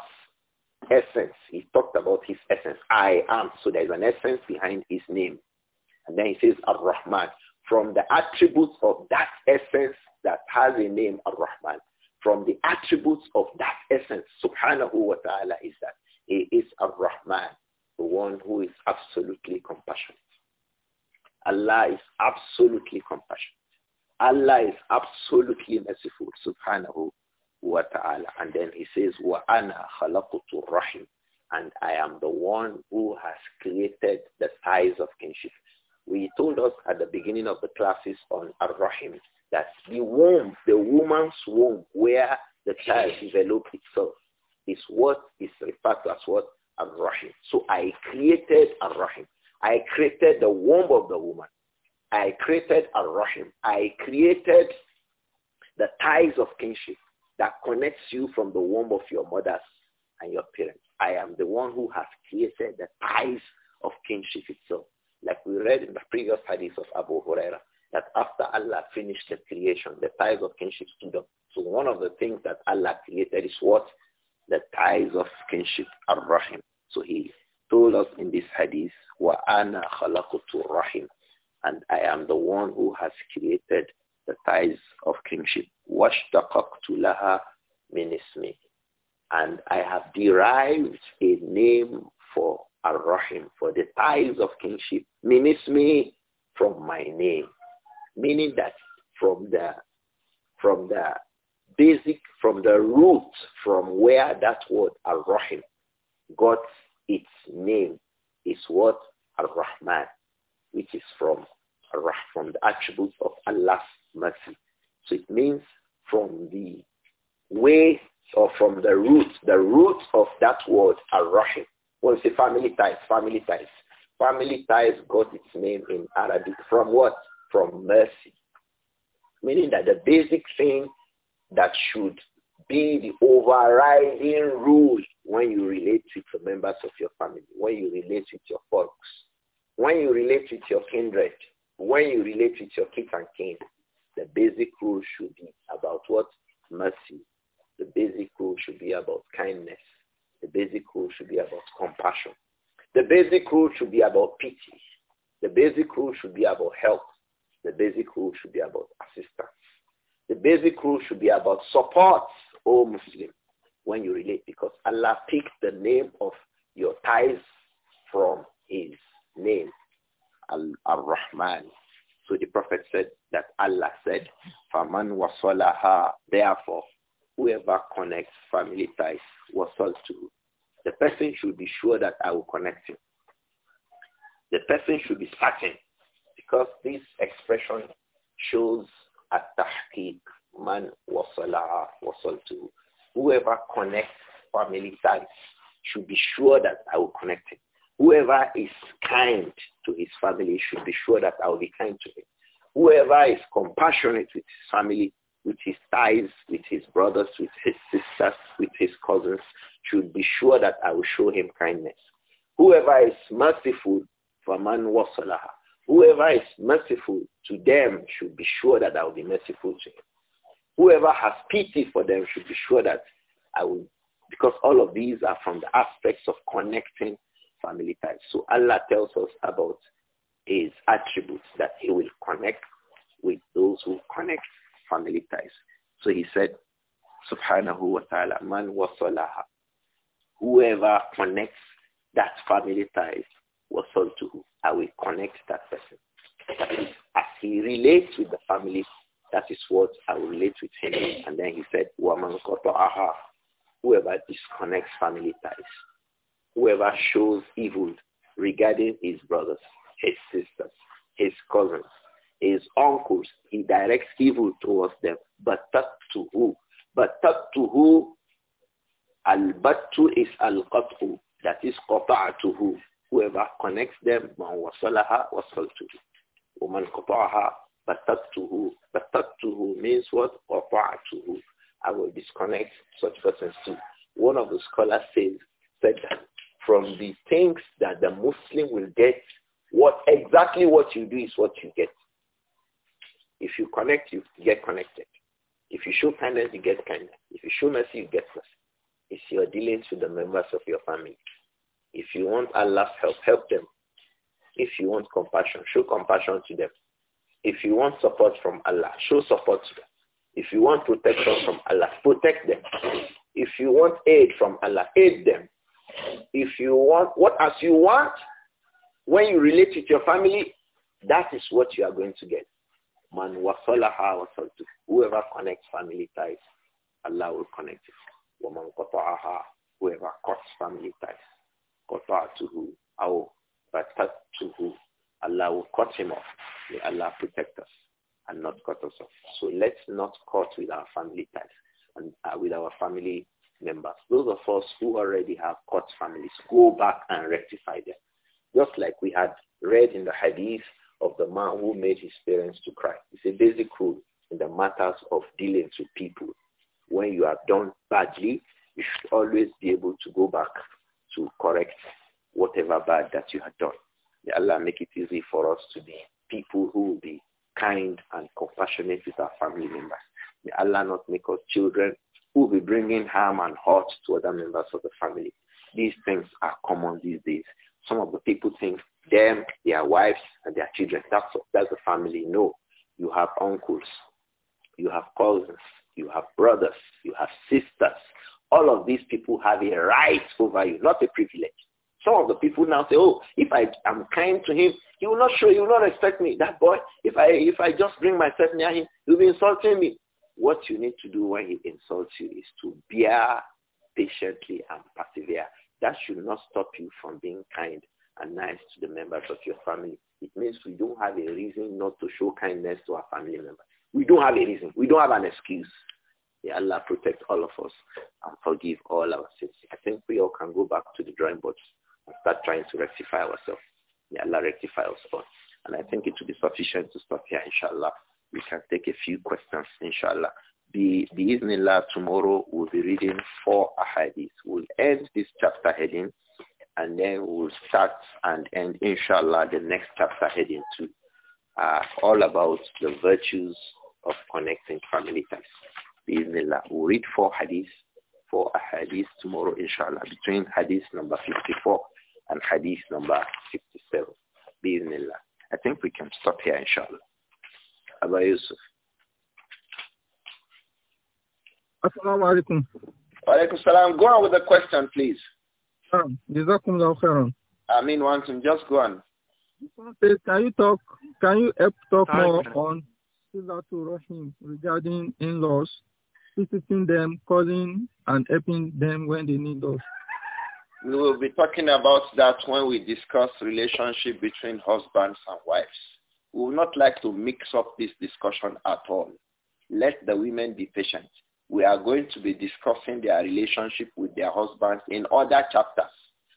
essence, he talked about his essence, I am. So there is an essence behind his name. And then he says, Ar-Rahman, from the attributes of that essence that has a name, Ar-Rahman from the attributes of that essence, subhanahu wa ta'ala, is that he is Ar-Rahman, the one who is absolutely compassionate. Allah is absolutely compassionate. Allah is absolutely merciful, subhanahu wa ta'ala. And then he says, wa ana khalaqtu rahim. And I am the one who has created the ties of kinship. We told us at the beginning of the classes on Ar-Rahim that the womb, the woman's womb where the child developed itself is what is referred to as what? Ar-Rahim. So I created Ar-Rahim. I created the womb of the woman. I created Ar-Rahim. I created the ties of kinship that connects you from the womb of your mothers and your parents. I am the one who has created the ties of kinship itself. Like we read in the previous hadith of Abu Huraira, that after Allah finished the creation, the ties of kinship stood up. So one of the things that Allah created is what? The ties of kinship are rahim. So he told us in this hadith, wa ana khalaqtu rahim. And I am the one who has created the ties of kinship. وَاشْتَقَقْتُ لَهَا مِنْ اسمي. And I have derived a name for Ar-Rahim, for the ties of kinship. Min ismi, from my name meaning that from the from the basic, from the root, from where that word Ar-Rahim got its name is what Ar-Rahman, which is from from the attributes of Allah's mercy. So it means from the way or from the root, the root of that word Ar-Rahim. When well, we say family ties, family ties, family ties got its name in Arabic from what? from mercy. Meaning that the basic thing that should be the overriding rule when you relate with the members of your family, when you relate with your folks, when you relate with your kindred, when you relate with your kids and kin, the basic rule should be about what? Mercy. The basic rule should be about kindness. The basic rule should be about compassion. The basic rule should be about pity. The basic rule should be about help. The basic rule should be about assistance. The basic rule should be about support, O Muslim, when you relate, because Allah picked the name of your ties from his name, Al-Rahman. So the Prophet said that Allah said, فَمَنْ وَصَلَهَا Therefore, whoever connects family ties, wasal to, the person should be sure that I will connect him. The person should be certain because this expression shows at-tahqiq man wasaltu. Whoever connects family ties should be sure that I will connect it. Whoever is kind to his family should be sure that I will be kind to him. Whoever is compassionate with his family, with his ties, with his brothers, with his sisters, with his cousins, should be sure that I will show him kindness. Whoever is merciful, man وَصَلَهَا Whoever is merciful to them should be sure that I will be merciful to him. Whoever has pity for them should be sure that I will, because all of these are from the aspects of connecting family ties. So Allah tells us about his attributes that he will connect with those who connect family ties. So he said, subhanahu wa ta'ala, man wasalaha. Whoever connects that family ties, wasal to I will connect that person. as he relates with the family, that is what I will relate with him. And then he said, whoever disconnects family ties, whoever shows evil regarding his brothers, his sisters, his cousins, his uncles, he directs evil towards them. But to who? But to who? Al-battu is al-qat'u. That is qata'atuhu. Whoever connects them, man wasalaha wasaltuhu. Woman qata'aha batattuhu. who means what? who I will disconnect such persons too. One of the scholars says, said that from the things that the Muslim will get, what exactly what you do is what you get. If you connect, you get connected. If you show kindness, you get kindness. If you show mercy, you get mercy. It's your dealings with the members of your family. If you want Allah's help, help them. If you want compassion, show compassion to them. If you want support from Allah, show support to them. If you want protection from Allah, protect them. If you want aid from Allah, aid them. If you want what as you want, when you relate with your family, that is what you are going to get. Man wasalaha wasaltu. Whoever connects family ties, Allah will connect it. Woman Whoever cuts family ties, قطعته أو بتته Allah will cut him off. May Allah protect us and not cut us off. So let's not cut with our family ties and uh, with our family members. Those of us who already have cut families, go back and rectify them. Just like we had read in the hadith of the man who made his parents to cry. It's a basic rule in the matters of dealings with people. When you have done badly, you should always be able to go back to correct whatever bad that you had done. May Allah make it easy for us to be people who will be kind and compassionate with our family members. May Allah not make us children who will be bringing harm and hurt to other members of the family. These things are common these days. Some of the people think them, their wives, and their children, that's, that's the family. No, you have uncles, you have cousins, you have brothers, you have sisters all of these people have a right over you, not a privilege. Some of the people now say, oh, if I am kind to him, he will not show, he will not respect me. That boy, if I, if I just bring myself near him, he will be insulting me. What you need to do when he insults you is to bear patiently and persevere. That should not stop you from being kind and nice to the members of your family. It means we don't have a reason not to show kindness to our family members. We don't have a reason. We don't have an excuse. May Allah protect all of us and forgive all our sins. I think we all can go back to the drawing board and start trying to rectify ourselves. May Allah rectify us all. And I think it will be sufficient to stop here, inshallah. We can take a few questions, inshallah. The evening lab tomorrow we'll be reading four ahadith. We'll end this chapter heading and then we'll start and end, inshallah, the next chapter heading too. Uh, all about the virtues of connecting family ties. Bismillah. We'll read four hadiths, four hadiths tomorrow, inshallah, between hadith number 54 and hadith number 67. Bismillah. I think we can stop here, inshallah. Abba Yusuf. Assalamu alaikum. Alaikum salam. Go on with the question, please. Jazakum um, khairan. I mean, once and just go on. Can you talk? Can you help talk more on Silatul Rahim regarding in-laws? visiting them, calling and helping them when they need us. We will be talking about that when we discuss relationship between husbands and wives. We would not like to mix up this discussion at all. Let the women be patient. We are going to be discussing their relationship with their husbands in other chapters.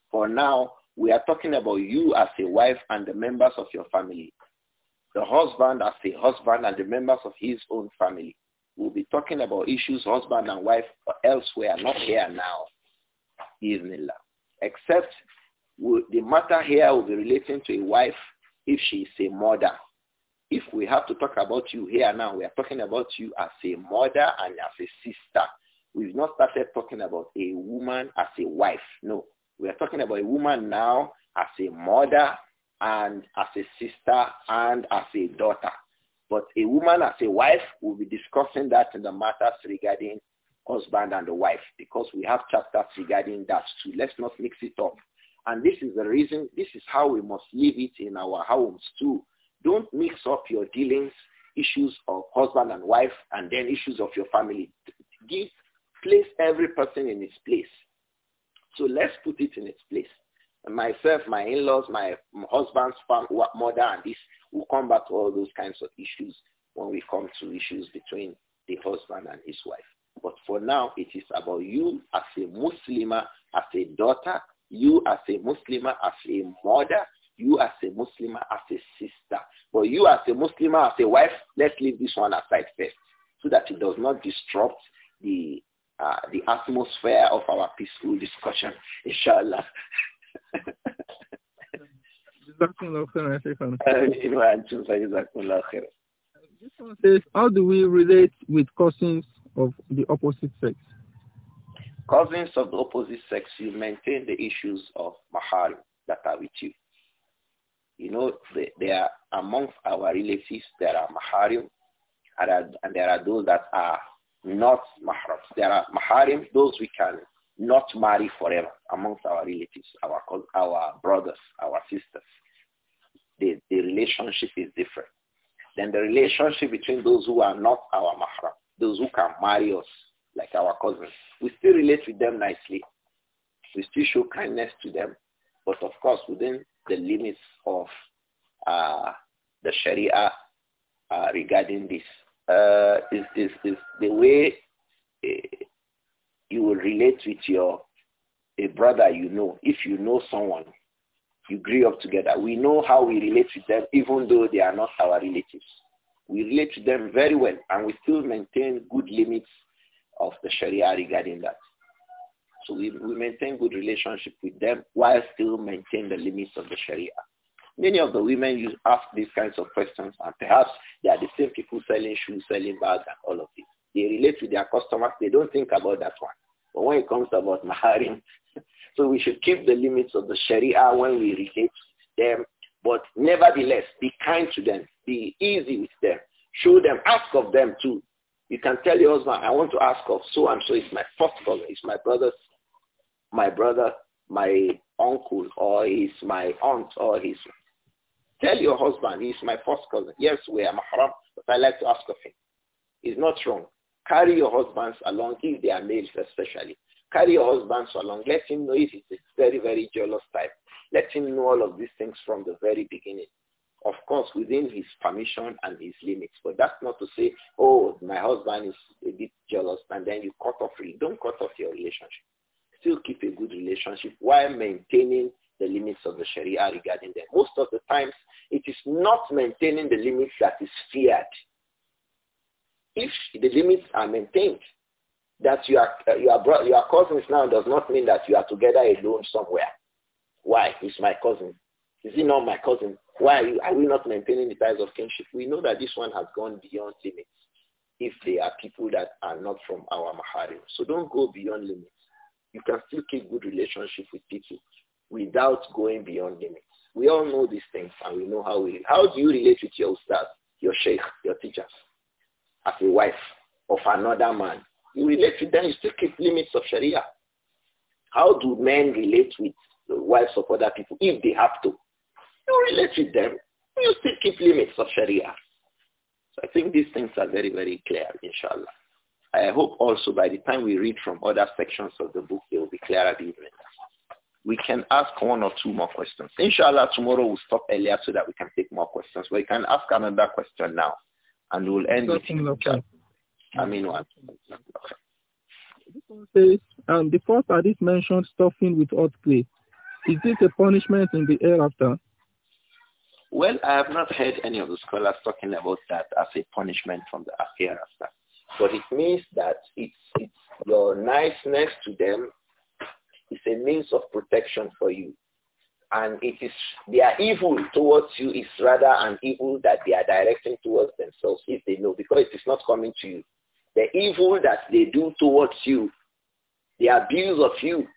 For now, we are talking about you as a wife and the members of your family. The husband as a husband and the members of his own family. We'll be talking about issues husband and wife elsewhere, not here now. Evening Except the matter here will be relating to a wife if she is a mother. If we have to talk about you here now, we are talking about you as a mother and as a sister. We've not started talking about a woman as a wife. No. We are talking about a woman now as a mother and as a sister and as a daughter. But a woman as a wife will be discussing that in the matters regarding husband and the wife because we have chapters regarding that too. Let's not mix it up. And this is the reason, this is how we must leave it in our homes too. Don't mix up your dealings, issues of husband and wife, and then issues of your family. Give, place every person in its place. So let's put it in its place. Myself, my in-laws, my husband's mother, and this, We'll come back to all those kinds of issues when we come to issues between the husband and his wife. But for now, it is about you as a Muslimah, as a daughter, you as a Muslimah, as a mother, you as a Muslimah, as a sister. But you as a Muslimah, as a wife, let's leave this one aside first so that it does not disrupt the uh, the atmosphere of our peaceful discussion, inshallah. جزاكم الله خيرا يا شيخنا. This one says, how do we relate with cousins of the opposite sex? Cousins of the opposite sex, you maintain the issues of mahal that are with you. You know, they, they are amongst our relatives, there are maharim, and, and there are those that are not mahrams. There are maharim, those we can not marry forever amongst our relatives, our, our brothers, our sisters the, the relationship is different. Then the relationship between those who are not our mahram, those who can marry us, like our cousins, we still relate with them nicely. We still show kindness to them, but of course within the limits of uh, the Sharia uh, regarding this. Uh, is, is, is the way eh, you will relate with your a brother you know, if you know someone you grew up together. We know how we relate with them, even though they are not our relatives. We relate to them very well, and we still maintain good limits of the Sharia regarding that. So we, we maintain good relationship with them while still maintain the limits of the Sharia. Many of the women you ask these kinds of questions, and perhaps they are the same people selling shoes, selling bags, and all of this. They relate with their customers. They don't think about that one. But when it comes about maharim, so we should keep the limits of the sharia when we relate to them. But nevertheless, be kind to them. Be easy with them. Show them, ask of them too. You can tell your husband, I want to ask of so and so. It's my first cousin. It's my brother, my brother, my uncle, or he's my aunt, or he's. Tell your husband, he's my first cousin. Yes, we are mahram, but I like to ask of him. It's not wrong. Carry your husbands along, if they are males especially. Carry your husbands along. Let him know if he's a very, very jealous type. Let him know all of these things from the very beginning. Of course, within his permission and his limits. But that's not to say, oh, my husband is a bit jealous, and then you cut off. Don't cut off your relationship. Still keep a good relationship while maintaining the limits of the Sharia regarding them. Most of the times, it is not maintaining the limits that is feared if the limits are maintained, that you are, uh, you are, bro- you are cousins now does not mean that you are together alone somewhere. Why? He's my cousin. Is he not my cousin? Why are, you, are we not maintaining the ties of kinship? We know that this one has gone beyond limits if they are people that are not from our maharim. So don't go beyond limits. You can still keep good relationship with people without going beyond limits. We all know these things and we know how we, how do you relate with your ustad, your sheikh, your teacher? as a wife of another man. You relate with them, you still keep limits of Sharia. How do men relate with the wives of other people if they have to? You relate with them, you still keep limits of Sharia. So I think these things are very, very clear, inshallah. I hope also by the time we read from other sections of the book, they will be clearer even. We can ask one or two more questions. Inshallah, tomorrow we'll stop earlier so that we can take more questions. We can ask another question now. And we'll end with I mean, what? This one says, and um, the first hadith mentioned stuffing with hot clay. Is this a punishment in the hereafter? Well, I have not heard any of the scholars talking about that as a punishment from the hereafter. But it means that it's, it's your niceness to them is a means of protection for you and it is their evil towards you is rather an evil that they are directing towards themselves if they know because it is not coming to you. The evil that they do towards you, the abuse of you,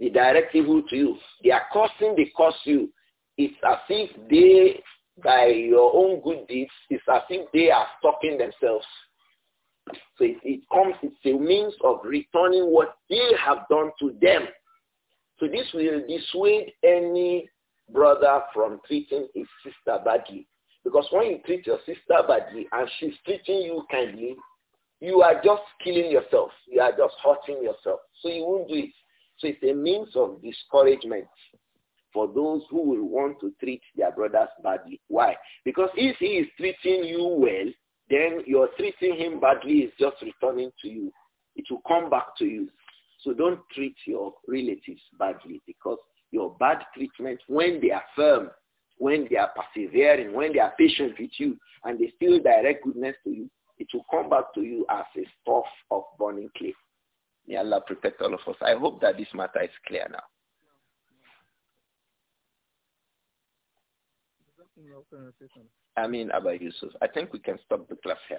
the direct evil to you, they are causing the cause you. It's as if they, by your own good deeds, it's as if they are stopping themselves. So it, it comes, it's a means of returning what they have done to them so this will dissuade any brother from treating his sister badly. Because when you treat your sister badly and she's treating you kindly, you are just killing yourself. You are just hurting yourself. So you won't do it. So it's a means of discouragement for those who will want to treat their brothers badly. Why? Because if he is treating you well, then you're treating him badly is just returning to you. It will come back to you. So don't treat your relatives badly because your bad treatment, when they are firm, when they are persevering, when they are patient with you, and they still direct goodness to you, it will come back to you as a stuff of burning clay. May Allah protect all of us. I hope that this matter is clear now. I mean, Abba Yusuf, I think we can stop the class here.